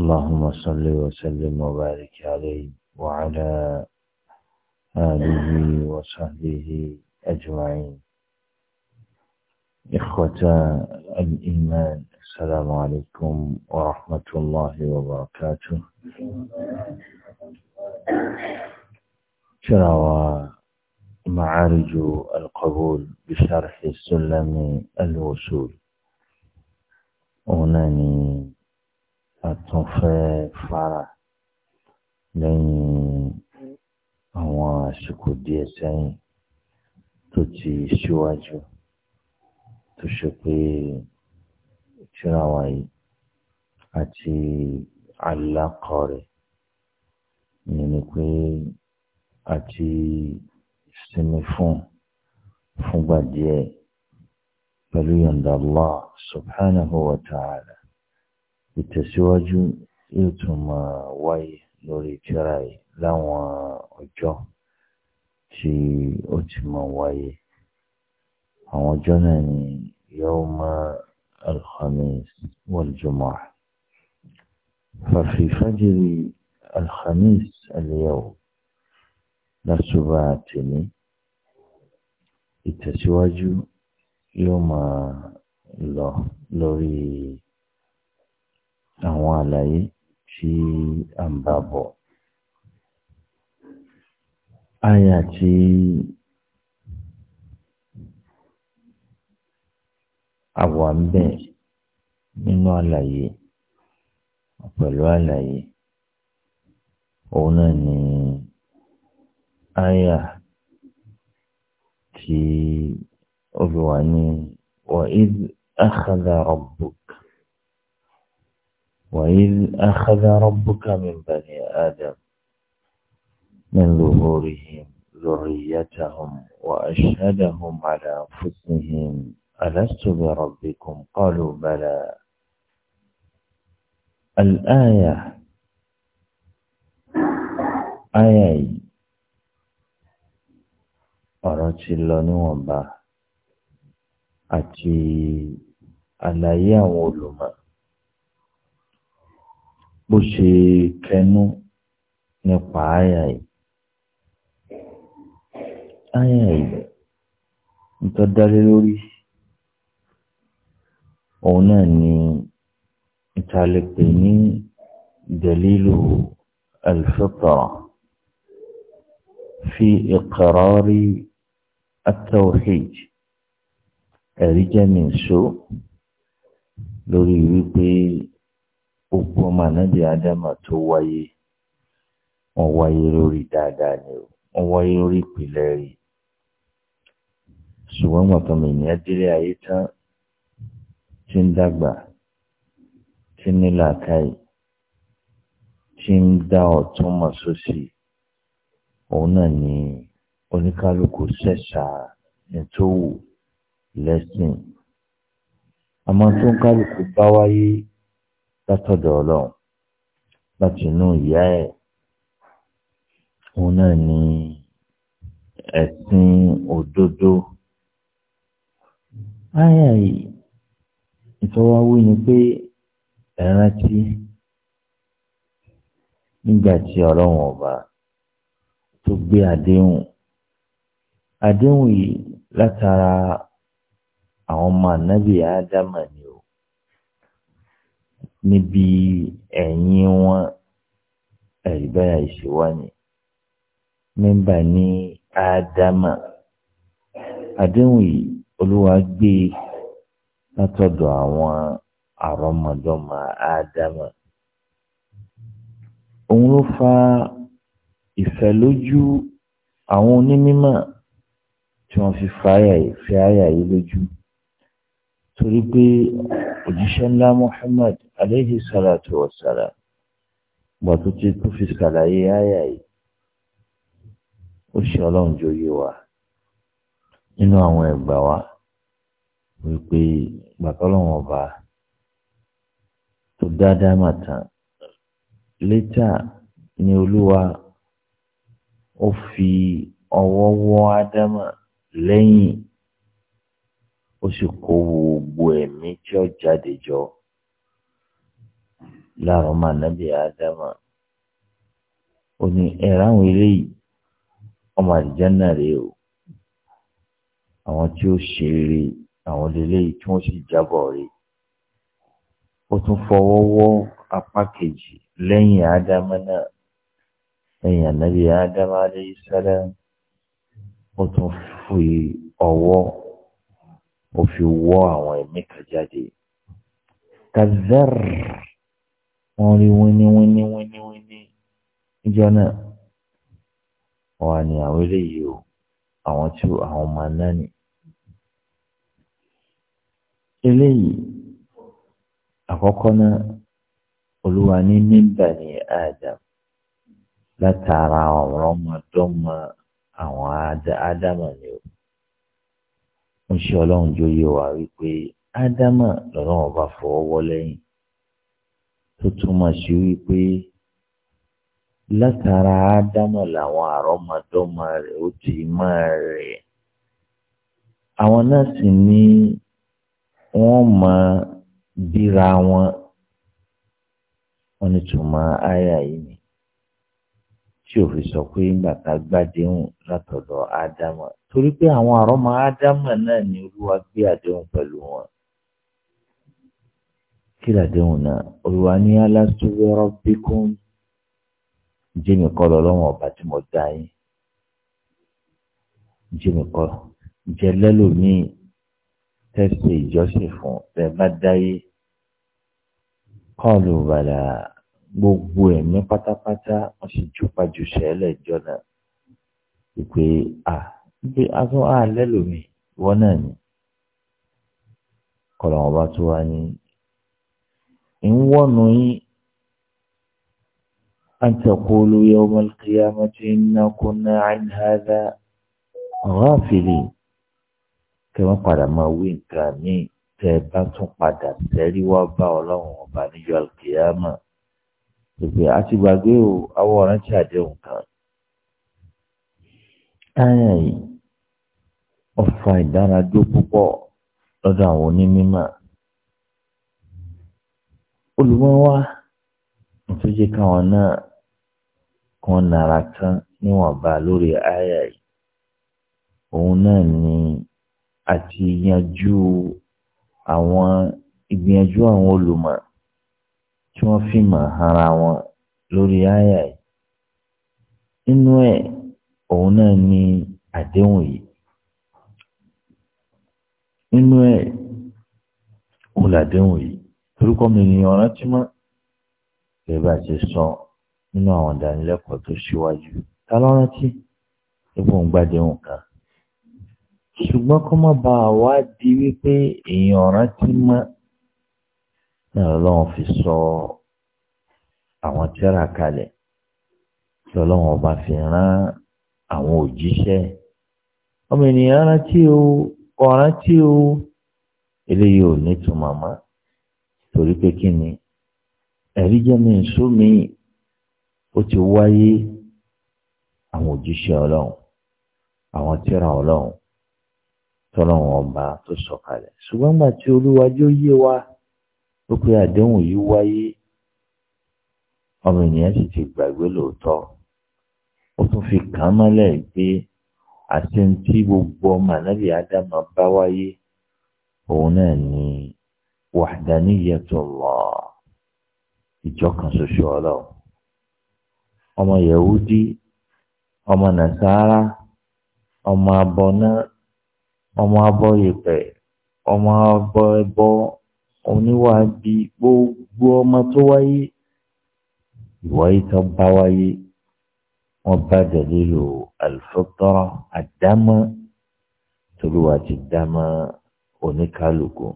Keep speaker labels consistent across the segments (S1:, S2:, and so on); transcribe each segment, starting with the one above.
S1: اللهم صل وسلم وبارك عليه وعلى آله وصحبه أجمعين إخوة الإيمان السلام عليكم ورحمة الله وبركاته شرع معارج القبول بشرح السلم الوصول هناني àtúnfẹ́ fara lẹ́yìn àwọn àsìkò díẹ̀ sẹ́yìn tó ti ṣíwájú tó ṣe pé tíra wa yìí àti alákọ rẹ̀ ìyẹn ni pé àti sinmi fún fúngbà díẹ̀ pẹ̀lú yọ̀ǹda Allah subhanahu wa ta'ala ìtẹ̀síwájú yóò tún máa wáyé lórí tírà yìí láwọn ọjọ́ tí ó ti máa wáyé àwọn ọjọ́ náà ni yawma alhamis waljumua fafi fajiri alhamis aliyahu lásùbà tèmi ìtẹ̀síwájú yóò máa lọ lórí àwọn àlàyé tí a ń bá bọ̀. Àyà tí a wà ń bẹ̀ nínú àlàyé pẹ̀lú àlàyé òun náà ni àyà tí olùwà ni wà ìdí àkàdà ọ̀bùk. وإذ أخذ ربك من بني آدم من ظهورهم ذريتهم وأشهدهم على أنفسهم ألست بربكم قالوا بلى الآية آية ọ̀rọ̀ ti أتي níwọ̀nba àti bó ṣe kẹnu nípa àyà yìí. Àyà yìí nítorí dálé lórí òun náà ni ìtàlẹ́pẹ̀ ní dalilu alfitra fi iqrari at ẹ̀rí jẹ́ mi sọ lórí wípé. gbogbo ọmọ ànábì adama tó wáyé wọn wáyé lórí dáadáa ni o wọ́n wáyé lórí ṣùgbọ́n mọ̀tọ́mọ ènìyàn délé ayé tán tí ń dàgbà tí ń ní làákàyè tí ń dá ọtún mọ̀ sósì òun náà ni oníkálukú sẹsà ètò tó ń kálukú bá wáyé. látọ̀dọ̀ ọlọ́run láti inú ìyá ẹ̀ òun náà ni ẹ̀sìn òdodo. Áyà ìfọwọ́wí ni pé ẹ rántí nígbà tí ọlọ́run ọba tó gbé àdéhùn. Àdéhùn yìí látara àwọn ọmọ ànábì níbi ẹ̀yìn wọn ẹ̀rí báyà ìṣèwá ni mẹ́mbà ní ádámà àdéhùn yìí olúwa gbé látọ̀dọ̀ àwọn àrọ́mọdọ́mọ ádámà òun ló fa ìfẹ́ lójú àwọn onímọ̀ tí wọ́n fi fi àyà yìí lójú torí pé òjíṣẹ́ ńlá Muhammad alayhi salatu wassalam gbàtú tí tó fi ṣàlàyé àyà yìí ó ṣe ọlọ́run jó yé wa nínú àwọn ẹgbà wa wípé gbàtọ́lọ́wọ́n ọba tó dáadáa mà tán létà ni olúwa ó fi ọwọ́ wọ́ ádámà lẹ́yìn ó sì kó gbogbo ẹ̀mí tí ó jáde jọ lára ọmọ ànábì ádámà ó ní ẹ̀rọ àwọn eléyìí ọmọ àlìjáná rèé o àwọn tí ó ṣe eré àwọn eléyìí tí wọ́n sì jábọ̀ rèé ó tún fọwọ́ wọ́ apá kejì lẹ́yìn ádámà náà lẹ́yìn ànábì ádámà alayhi salam ó tún fi ọwọ́ ó fi wọ́ àwọn ẹ̀mí kan jáde kazẹ́rì. wọ́n rí wíní wíní wíní wíní níjọ́ náà wọ́n ní àwọn eléyìí o àwọn tí àwọn ọmọ náà ní. eléyìí àkọ́kọ́ náà olúwa ní nígbà ní Adam látara ọ̀rọ̀ ọmọdọ́mọ àwọn Ádámà ni o ń ṣe ọlọ́run jó yé wa wípé Ádámà lọ́nà ọba fọwọ́ lẹ́yìn. tó túmọ̀ sí wípé látara ádámọ̀ làwọn àrọ́mọdọ́mọ rẹ̀ ó ti máa rẹ̀ àwọn náà sì ní wọ́n máa bíra wọn wọ́n ní túmọ̀ àyà yìí ni tí ò sọ pé ńgbà tá a gbádéhùn látọ̀dọ̀ ádámọ̀ torí pé àwọn àrọ́mọ ádámọ̀ ni olúwa gbé àdéhùn pẹ̀lú kí làdéhùn náà olùwà ní alastu bi rabbikum jẹ́mi kọ́ lọ́wọ́ ọba tí mo dá yín jẹ́mi kọ́ jẹ́ lẹ́lòmíì tẹ́sí ìjọsìn fún tẹ́ bá dáyé kọ́ọ̀lù bàlà gbogbo ẹ̀mí pátápátá wọ́n sì jùpá jù sẹ́lẹ̀ jọ́nà ìpè à ìpè àtún àlẹ́ lòmíì wọ́n náà ni kọ́lọ̀ wọn bá tún wá ní ń wọ̀nù yín an taqulu yawm al-qiyamati inna kunna an hadha ghafilin kí wọ́n padà máa wí nǹkan míì tẹ́ ẹ bá tún padà tẹ́rí wá bá ọlọ́run ọba níjọ́ alkiyama ìpè àti gbàgbé o àwọn ọ̀ràn tí àdéhùn kan. Táyà yìí ọ̀fà ìdáradó púpọ̀ lọ́dọ̀ àwọn onímọ̀ olùmọ̀ wa tó jẹ́ káwọn náà kan nara tán níwọ̀nba lórí àyà yìí òun náà ni àti yanjú àwọn ìgbìyànjú àwọn olùmọ̀ tí wọ́n fi mọ̀ ara wọn lórí àyà yìí nínú ẹ̀ òun náà ni àdéhùn yìí nínú ẹ̀ òun làdéhùn yìí torúkọ mi ènìyàn rántí mọ́ gẹ́gẹ́ bá ti sọ nínú àwọn ìdánilẹ́kọ̀ọ́ tó ṣíwájú ta ló rántí ipò ń gbàdéhùn kan ṣùgbọ́n kó má ba àwa di wípé èèyàn rántí mọ́ náà lọ́wọ́ fi sọ àwọn tírà kalẹ̀ lọ́wọ́ bá fi rán àwọn òjíṣẹ́ ọmọ ènìyàn rántí o ọ̀rántí o eléyìí ò ní tùmọ̀ mọ́ torí pé kí ni ẹ̀rí jẹ́ mi nsú mi ó ti wáyé àwọn òjíṣẹ́ ọlọ́run àwọn tíra ọlọ́run tọ́lọ́run ọba tó sọ̀kalẹ̀ ṣùgbọ́n gbà tí olúwàjú yé wa ó pé àdéhùn yìí wáyé ọmọ ènìyàn sì ti gbàgbé lóòótọ́ ó tún fi kàn mọ́lẹ̀ pé àti tí gbogbo ọmọ ànábì ádámà bá wáyé òun náà ni wahdaniyatullah ìjọkan ṣoṣo ọlọ́run ọmọ yahudi ọmọ nasara ọmọ abọná ọmọ abọ yẹpẹ ọmọ abọ ẹbọ oníwàbí gbogbo ọmọ tó wáyé ìwà ìtàn bá wáyé wọn bá dalilu al-fitra àdámọ́ tolúwa ti dámọ́ oníkálukú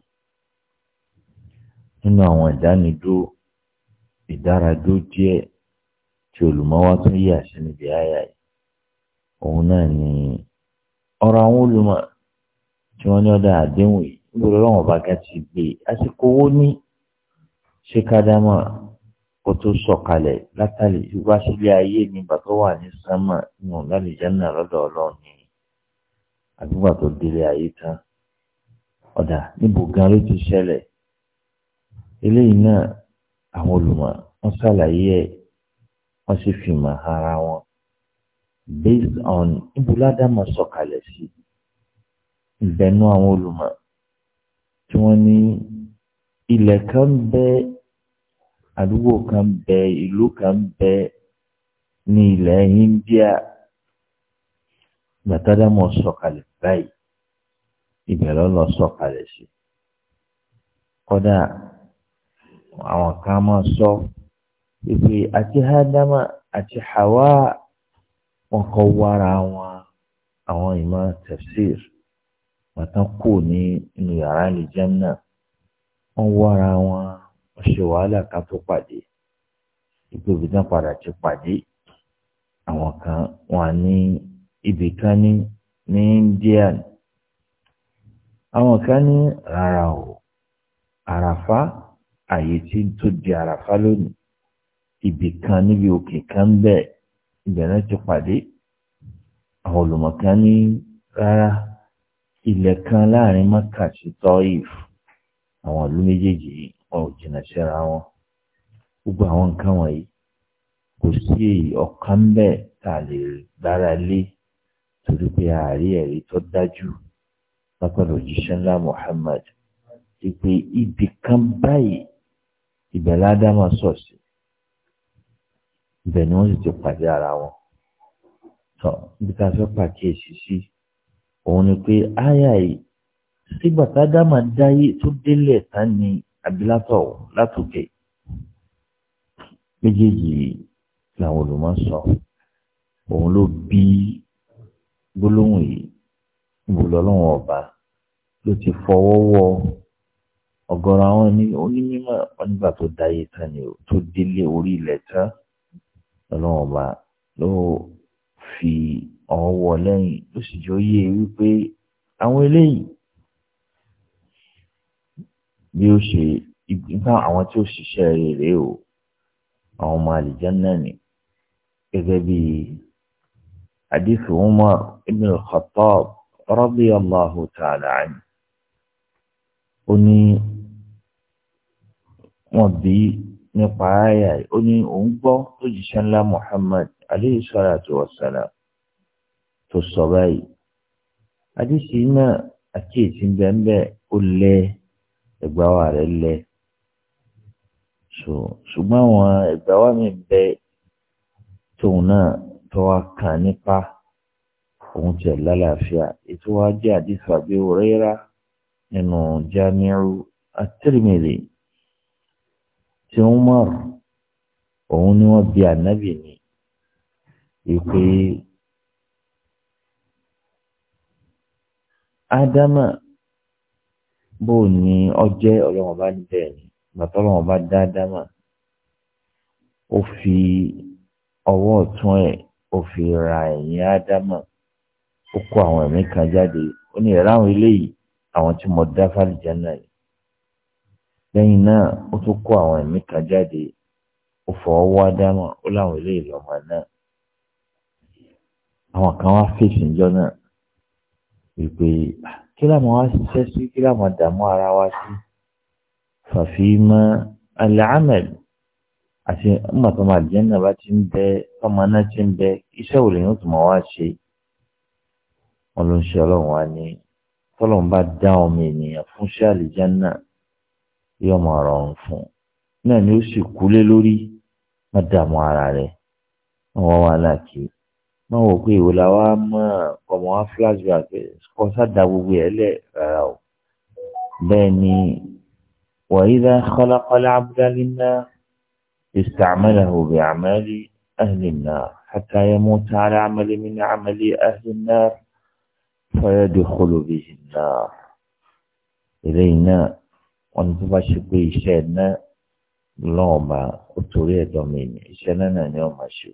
S1: nínú àwọn ìdánidúró ìdáradúró díẹ̀ tí olùmọ́wá tún yí àṣẹ níbi àyà yìí òun náà ni ọ̀rọ̀ àwọn olùmọ̀ tí wọ́n ní ọ̀dà àdéhùn yìí nítorí ọlọ́wọ́n bá ga ti gbé e? àsìkò owó ní ṣé kádámà kó tó sọ̀kalẹ̀ látàlí ìwá sílé ayé nígbà tó wà ní sámà nù lálìjáná lọ́dọ̀ ọlọ́run ni àdúgbà tó délé ayé tán ọ̀dà níbo gan ló ti ṣẹlẹ̀ eléyìí náà àwọn olùmọ̀ wọ́n ṣàlàyé ẹ̀ wọ́n sì fi mọ̀ ara wọn based on ibùládàmọ sọ̀kalẹ̀ sí ìbẹnú àwọn olùmọ̀ tí wọ́n ní ilẹ̀ kan bẹ àdúgbò kan bẹ ìlú kan bẹ ní ilẹ̀ India gbàtàdàmọ sọ̀kalẹ̀ báyìí ìbẹ̀rẹ̀ lọ sọ̀kalẹ̀ sí kódà. àwọn kan máa sọ ìpè àti ádámà àti hawa wọn kọ wára wọn àwọn ìmọ̀ tafsir wọn kù ní inú yàrá àlìjánnà wọn wára wọn ṣe wàhálà ká tó pàdé ìpè òbí náà padà ti pàdé àwọn kan wà ní ibì kan ní India àwọn kan ní rárá àyè tí tó di àràfá lónìí ibì kan níbi òkè kan bẹ́ẹ̀ ibẹ̀ náà ti pàdé àwọn olùmọ̀kan ní rárá ilẹ̀ kan láàrin maka sí tọ́ìf àwọn ìlú méjèèjì wọn ò jìnnà síra wọn gbogbo àwọn nǹkan wọ̀nyí kò sí èyí ọ̀kan bẹ́ẹ̀ tá a lè gbára lé torí pé ààrí ẹ̀rí tó dájú lápẹ̀lú òjíṣẹ́ ńlá Muhammad ti pé ibì kan báyìí ibẹ̀ ládámà sọ̀ sí ibẹ̀ ni wọ́n sì ti pàdé ara wọn tọ́ bí ká fẹ́ pàkíyèsí sí òun ni pé áyà yìí sígbà tádámà dáyé tó délẹ̀ ta ni abilátọ̀ látòkè méjèèjì làwọn olùmọ̀ sọ òun ló bí gbólóhùn yìí ìbùlọ́lọ́wọ̀n ọba ló ti fọwọ́ wọ́ ọ̀gọ̀rọ̀ àwọn onímọ̀ nígbà tó dáyé tán ni tó délé orí ilẹ̀ tán ọlọ́run ọba ló fi ọwọ́ lẹ́yìn ló sì jọ yé e wípé àwọn eléyìí bí ó ṣe ìgbìmọ̀ àwọn tí ó ṣiṣẹ́ rere o àwọn ọmọ àlìjánná ni gẹ́gẹ́ bí hadith Umar ibn al-Khattab radiyallahu ta'ala anhu ó wọ́n bí nípa àyà ó ní òun gbọ́ tó jíṣẹ́ ńlá Muhammad alayhi salatu wassalam tó sọ báyìí adíṣe náà àkíyèsí bẹ́ẹ̀ ó lẹ ẹgbà wa rẹ̀ lẹ ṣùgbọ́n àwọn ẹgbà wa mi bẹ tóun náà tó wá kàn nípa òun tiẹ̀ lálàáfíà ètò wa jẹ́ àdìsọ àbí òrẹ́ra nínú Jamiu at ti Umar òun ni wọ́n bi ànábì ní ìpè ádámà bó ni ọjẹ́ ọlọ́wọ́n bá níbẹ̀ ni bàtà ọlọ́wọ́n bá dá ádámà ó fi ọwọ́ ọ̀tún ẹ̀ ó fi ra ẹ̀yìn ádámà ó kó àwọn ẹ̀mí kan jáde ó ní ẹ̀ráwọn eléyìí àwọn tí mo dá fàlìjẹ́ náà yìí lẹ́yìn náà ó tún kó àwọn ẹ̀mí kan jáde ó fọwọ́ wá dáná ó láwọn ilé ìlọ́mọ náà àwọn kan wá fèsì níjọ́ náà wípé kí láwọn wá ṣiṣẹ́ sí kí láwọn dààmú ara wa sí fàfihàn alàmẹ́lì àti mọ̀tọ́mọ àjẹ́nà bá ti ń bẹ ọmọ náà ti ń bẹ iṣẹ́ òòlù yóò tún mọ̀ wá ṣe wọn ló ń ṣe ọlọ́run wa ní tọ́lọ́run bá dá ọmọ ènìyàn fún ṣáàlì jẹ́nà yóò mọ ọ̀rọ̀ ọ̀hún fún un náà ni ó sì kúlé lórí má dààmú ara rẹ̀ wọ́n wà láàkì má wò pé ìwé la wá mọ́ ọmọ wa flashback kọ́ sáda gbogbo ẹ̀ lẹ̀ rárá o bẹ́ẹ̀ ni wàyídá kọ́lákọ́lá abdulina istacmalahu bi amali ahli nnar hatta yamuta ala amali min amali ahli nnar fayadkhulu bihi eléyìí náà wọn tó bá ṣe pé iṣẹ́ náà lọ́wọ́ máa ó torí ẹ̀dọ́ mi ni iṣẹ́ náà náà ni wọ́n máa ṣe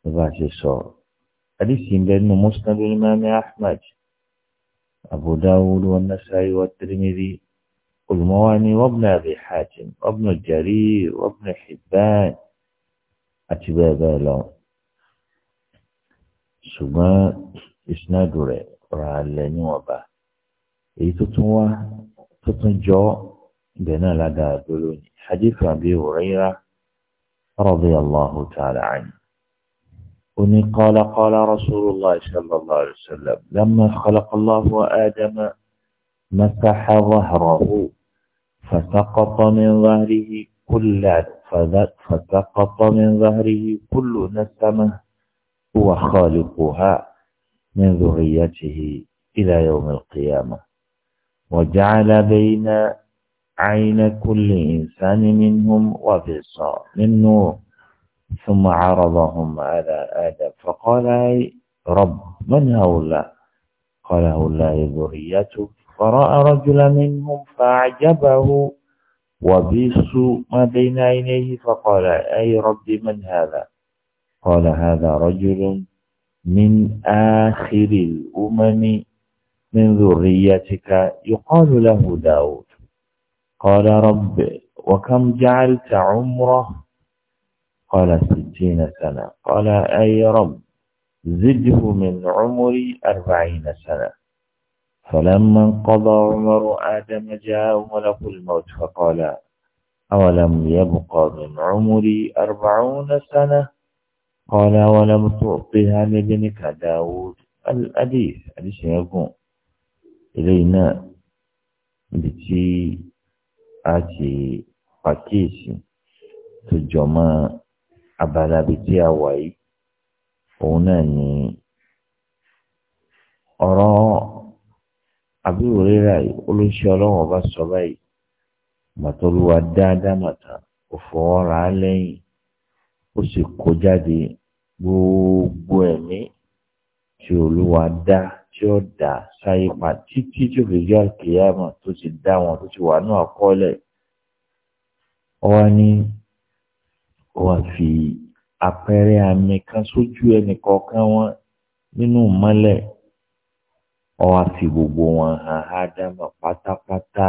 S1: tó bá ṣe sọ. Àdìsí ń bẹ́ẹ̀ nínú Musnad Imami Ahmad, Abu Dawud wọn Nasa'i wọn Tirmidhi, olùmọ́wá ni wọ́n bìnà Abi Hatim, wọ́n bìnà Jarir, wọ́n bìnà Hibban àti bẹ́ẹ̀ bẹ́ẹ̀ lọ. Ṣùgbọ́n ìsinádùn rẹ̀ rà á lẹ̀ níwọ̀nba. Èyí tó tún wá tó tún jọ ibẹ̀ náà ládàá dúró ní hadith Abi Hurairah radiyallahu ta'ala anhu. وني قال قال رسول الله صلى الله عليه وسلم لما خلق الله آدم مسح ظهره فسقط من ظهره كل فسقط من ظهره كل نسمة هو خالقها من ذريته إلى يوم القيامة وجعل بين عين كل إنسان منهم وبصار من نور ثم عرضهم على آدم فقال أي رب من هؤلاء قال هؤلاء ذريتك فرأى رجلا منهم فأعجبه وبص ما بين عينيه فقال أي رب من هذا قال هذا رجل من آخر الأمم من ذريتك يقال له داود قال رب وكم جعلت عمره قال ستين سنة قال أي رب زده من عمري أربعين سنة فلما انقضى عمر آدم جاء ملك الموت فقال أولم يبقى من عمري أربعون سنة قال ولم تعطها لابنك داود الأديث أليس يقول eléyìí náà níbi tí a ti pàkíyèsí tó jọ mọ́ abala bíi tí a wà yìí òun náà ni ọ̀rọ̀ àbúrò rírà yìí olóṣèlú ọlọ́run ọba sọ báyìí màtọ́lúwa dáadáa màtà kò fọwọ́ ra lẹ́yìn ó sì kó jáde gbogbo ẹ̀mí tí olúwa dá. tí ó dà sáyé pa títí tí òfìdí àkèyàmọ̀ tó ti dá wọn tó ti wà ní àkọọ́lẹ̀ ọwọ́ ní wà fi àpẹẹrẹ àmì kan sójú ẹnìkọ̀ọ̀kan wọn nínú mọ́lẹ̀ ọwọ́ fi gbogbo wọn hàn ádámà pátápátá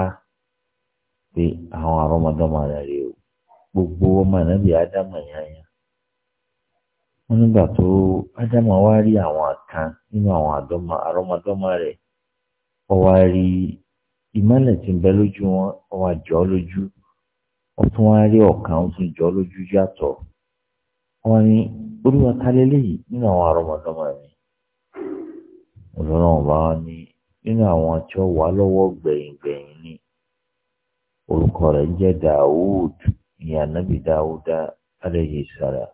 S1: pé àwọn àrọ́mọdọ́mọ rẹ̀ o gbogbo ọmọ náà bí ádámà yányá. wọ́n nígbà tó ádámà wá rí àwọn kan nínú àwọn àrọ́mọdọ́mọ rẹ̀ ó wá rí ìmọ̀lẹ̀ ń bẹ lójú wọn ó wá lójú ó wá rí ọ̀kan ó jọ lójú yàtọ̀ wọ́n ní olúwa ta lélẹ́yìí nínú àwọn àrọ́mọdọ́mọ rẹ̀ olùrànwọ́ bá wọn nínú àwọn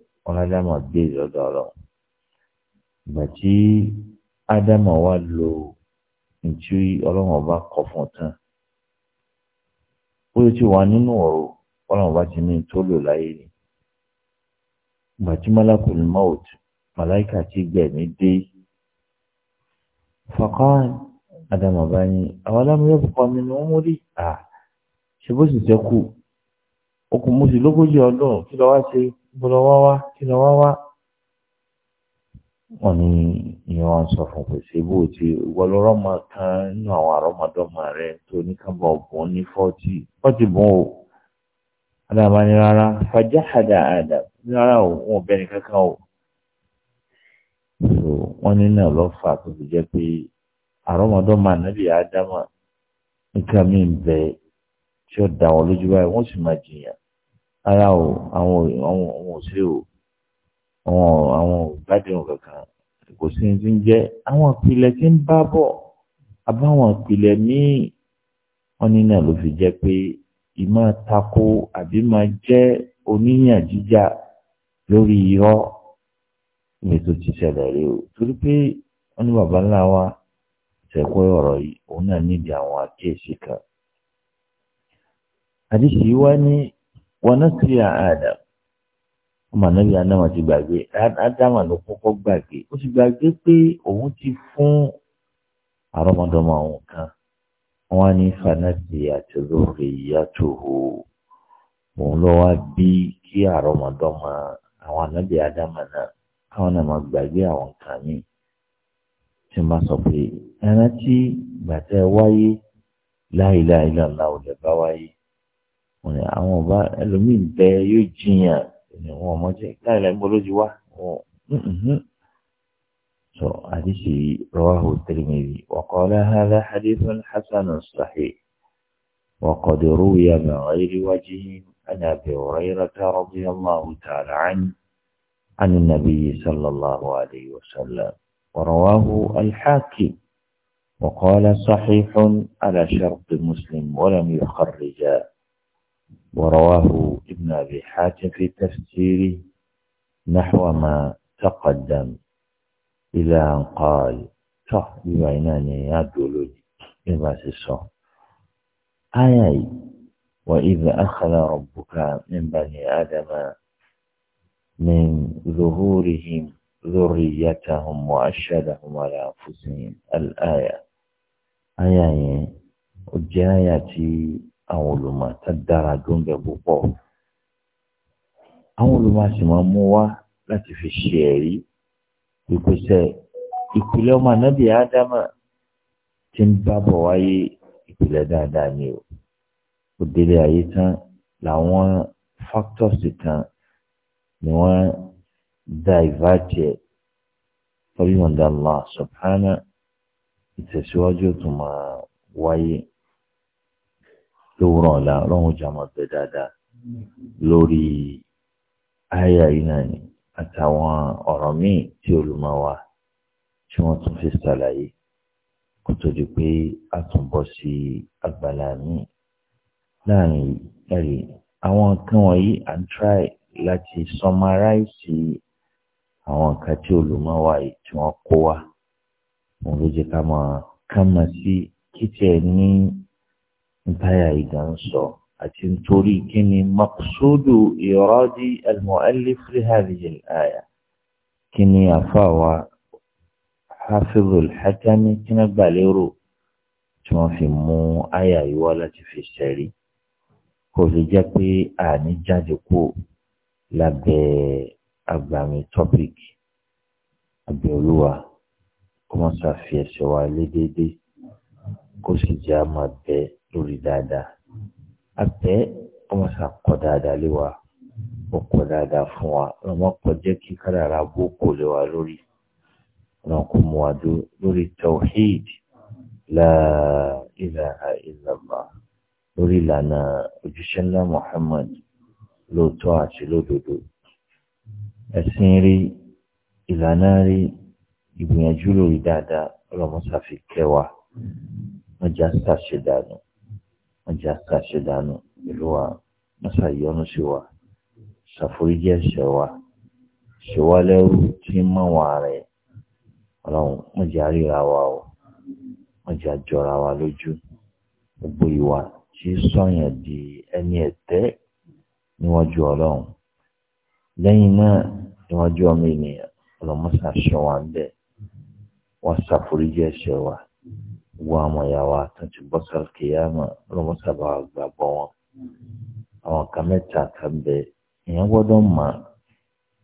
S1: fún ádámọ̀ dé ìlọ́dọ̀ ọ̀rọ̀ ìgbà tí ádámọ̀ wá lo ntí ọlọ́run ọba kọ̀ fún tán ó ti wà nínú ọ̀rọ̀ ọlọ́run ọba ti ní tó lò láyé ni ìgbà tí malakul maut malaika ti gbẹ̀mí dé faqal ádámọ̀ bá ní àwọn alámọ̀ yóò kọ́ nínú wọn rí à ṣe bó sì tẹ́kù okùn mo sì lógójì ọdún kí ló wá ṣe bọ̀lọ̀ wá wá kí lọ wá wá. wọ́n ní ìyẹn wọn sọ fún pèsè bó ti wọlọ́rọ́ máa kan nínú àwọn àrọ́mọdọ́mọ rẹ̀ tó ní kábọ̀ bọ́n ní fọ́tì fọ́tì bọ́n o adama ni rárá fajahada adam ni rárá o wọn ò bẹ́ni kankan o. wọ́n ní náà lọ fà tó fi jẹ́ pé àrọ́mọdọ́mọ ànábì ádámà nǹkan mi ń bẹ tí ó dá wọn lójú báyìí wọ́n sì máa jiyàn ara o àwọn àwọn àwọn òṣèré o àwọn àwọn ìbádẹ́wọ̀n kankan kò sí ní ti ń jẹ́ àwọn ìpìlẹ̀ tí ń bá bọ̀ àbáwọn ìpìlẹ̀ míì wọ́n ní náà ló fi jẹ́ pé ìmọ̀ tako àbí máa jẹ́ oníyàn jíjà lórí irọ́ ní ti ṣẹlẹ̀ rí o torí pé wọ́n ní bàbá ńlá wa ṣẹ̀kọ́ ọ̀rọ̀ yìí òun náà nídìí àwọn àkíyèsí kan. àdìsí wa ní wọn náà sì yà áàdà ọmọ anábì adama ti gbàgbé adama ló kọ́kọ́ gbàgbé ó sì gbàgbé pé òun ti fún àrọ́mọdọ́mọ àwọn kan wọn ní fanati àti lórí ìyá tó hù òun ló wá bí kí àrọ́mọdọ́mọ àwọn anábì adama náà káwọn náà máa gbàgbé àwọn kan ní tí wọn sọ pé ẹran gbàtẹ wáyé láìláìláìláì ò lè bá wáyé. wọn ni àwọn ọba ẹlòmíì bẹ yóò jiyàn ní wọn ọmọ jẹ káyọ̀ ń bọ lójú wa wọn sọ àdìsí rawahu Tirmidhi wa qala hadha hadithun hasanun sahih wa qad ruwiya min ghayri wajhin an Abi Hurayrah radiyallahu ta'ala anhu عن النبي صلى الله عليه وسلم ورواه الحاكم وقال صحيح على شرط مسلم ولم يخرج ورواه ابن أبي حاتم في تفسيره نحو ما تقدم إلى أن قال صح ببيناني يا دولودي إباس الصح آي وإذا أخذ ربك من بني آدم من ظهورهم ذريتهم وأشهدهم على أنفسهم الآية آي الجاية àwọn olùmọ̀ tá dára tó ń bẹ púpọ̀ àwọn olùmọ̀ sì máa mú wá láti fi ṣe ẹ̀rí ìpèsè ìpìlẹ̀ ọmọ ànábì ádámà tí ń bábọ̀ wáyé ìpìlẹ̀ dáadáa ni o ó ayé tán làwọn factors kan ni wọ́n divert ẹ̀ pẹ̀lú ìwọ̀nda Allah subhanahu ìtẹ̀síwájú tó máa wáyé lówùrọ̀ ọ̀la ọlọ́run jà máa bẹ dáadáa lórí àyà yìí náà ni àtàwọn ọ̀rọ̀ míì tí olùmọ̀ wa tí wọ́n tún fi ṣàlàyé kó tó di pé a tún bọ́ sí àgbàlá míì láàrin ẹ̀rí àwọn nǹkan wọ̀nyí à ń try láti summarize àwọn nǹkan tí olùmọ̀ wa yìí tí wọ́n kó wa òun ló jẹ́ ká máa ká máa sí kí tiẹ̀ ní ntáyà ìgbà ń sọ àti nítorí kíni maqsudu ìrọ́dí al-mu'allif li hadhihi al-aya kíni àfàwà hafizul hakami kíni gbàlérò tí wọ́n fi mú àyà ìwá láti fi ṣẹ̀rí kò lè jẹ́ pé àní jáde kó lábẹ́ agbami topic abẹ́ olúwa kó má ṣàfihàn ṣe wa lédéédé kó sì jẹ́ àmọ́ bẹ́ẹ̀ lórí dáadáa abẹ́ ọmọ sàkọ́ dáadáa lé wa ọkọ̀ dáadáa fún wa ọmọ kọ jẹ́ kí kádàrá bó kò lé wa lórí ọ̀nà kò mú wa dó lórí tawhid la ilaha illallah lórí ìlànà òjíṣẹ́ ńlá Muhammad lóòótọ́ àti lódodo ẹ̀sìn rí ìlànà rí ìgbìyànjú lórí dáadáa ọlọ́mọ sàfikẹ́ wọ́n já sàṣẹ̀dànù wọ́n já kàṣẹ dànù ìlú wa mọ́sá ìyọnu sí wa ṣàforíjì ẹ̀ṣẹ̀ wa ṣèwálẹ́rú tí ń mọ̀ wá rẹ̀ ọlọ́run wọ́n ríra wa o wọ́n jọra wa lójú gbogbo ìwà tí sọ̀yàn di ẹni ẹ̀tẹ́ níwájú ọlọ́run lẹ́yìn náà níwájú ọmọ ènìyàn ọlọ́mọ́sá ṣọ́ wa ń bẹ̀ wọ́n ṣàforíjì ẹ̀ṣẹ̀ wa gbogbo àwọn ìyàwó àtúntò bọ́sàl kìyàmà ọlọ́mọsàbà àgbàgbọ́ wọn. àwọn kan mẹ́ta kan bẹ èèyàn gbọ́dọ̀ mọ̀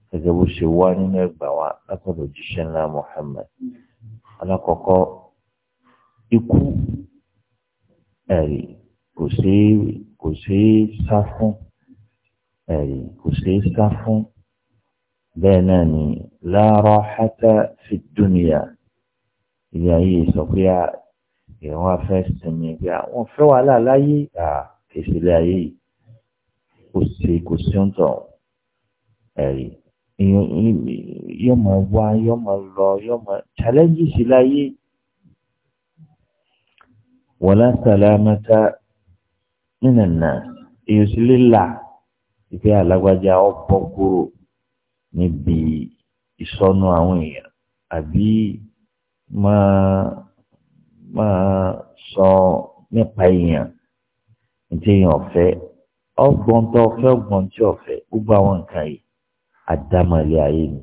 S1: gẹ́gẹ́ bó ṣe wá nínú ẹgbàá wa látọ̀dọ̀ jíṣẹ́ ńlá Muhammad alákọ̀ọ́kọ́ ikú ẹ̀rí kò ṣeé kò sá fún ẹ̀rí kò ṣeé sá fún bẹ́ẹ̀ náà ni la rahata fi dunya ìyá yìí sọ pé ah, èèyàn wá fẹ́ sinmi pé àwọn fẹ́ wàhálà láyé ìṣẹ̀lẹ̀ ayé yìí kò sí kò sí ń tọ̀ ẹ̀rí yóò máa wá yóò máa lọ yóò máa challenge sí láyé wala salamata minan nas èèyàn sì lè là ìpè alágbájá ọ̀pọ̀ kúrò níbi ìsọnù àwọn èèyàn àbí máa máa sọ nípa èèyàn ntí èèyàn ọ̀fẹ́ ọgbọ́n tó ọ̀fẹ́ ọgbọ́n tí ọ̀fẹ́ gbogbo àwọn nǹkan yìí àdámọ̀lẹ́ ayé ni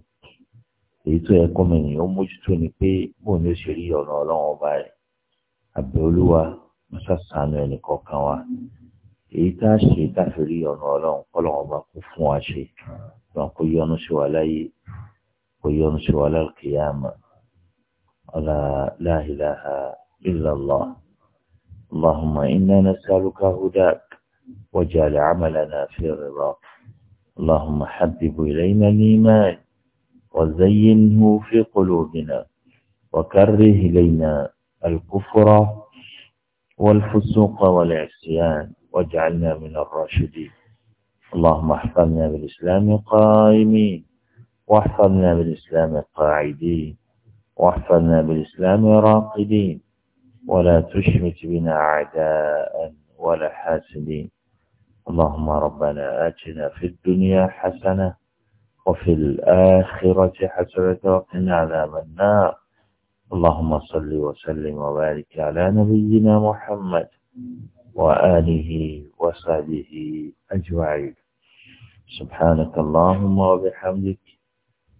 S1: èyí tó yẹ kọ́mọ ènìyàn ó mójútó ni pé bóun ni ó ṣe rí ọ̀nà ọlọ́run ọba rẹ̀ àbẹ̀ olúwa mọ́sásánú ẹnì kọ̀ọ̀kan wa èyí tá a ṣe tá a fi rí ọ̀nà ọlọ́run kọ́lọ́run ọba kó fún wa ṣe wọn kó yọ́nú sí wa láyé kó yọ́nú sí wa lálùkìyàmà ọ̀là la إلا الله اللهم إنا نسألك هداك وجعل عملنا في رضاك اللهم حبب إلينا الإيمان وزينه في قلوبنا وكره إلينا الكفر والفسوق والعصيان واجعلنا من الراشدين اللهم احفظنا بالإسلام قائمين واحفظنا بالإسلام قاعدين واحفظنا بالإسلام راقدين ولا تشمت بنا عداء ولا حاسدين اللهم ربنا آتنا في الدنيا حسنة وفي الآخرة حسنة وقنا عذاب النار اللهم صل وسلم وبارك على نبينا محمد وآله وصحبه أجمعين سبحانك اللهم وبحمدك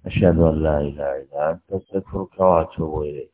S1: أشهد أن لا إله إلا أنت أستغفرك وأتوب إليك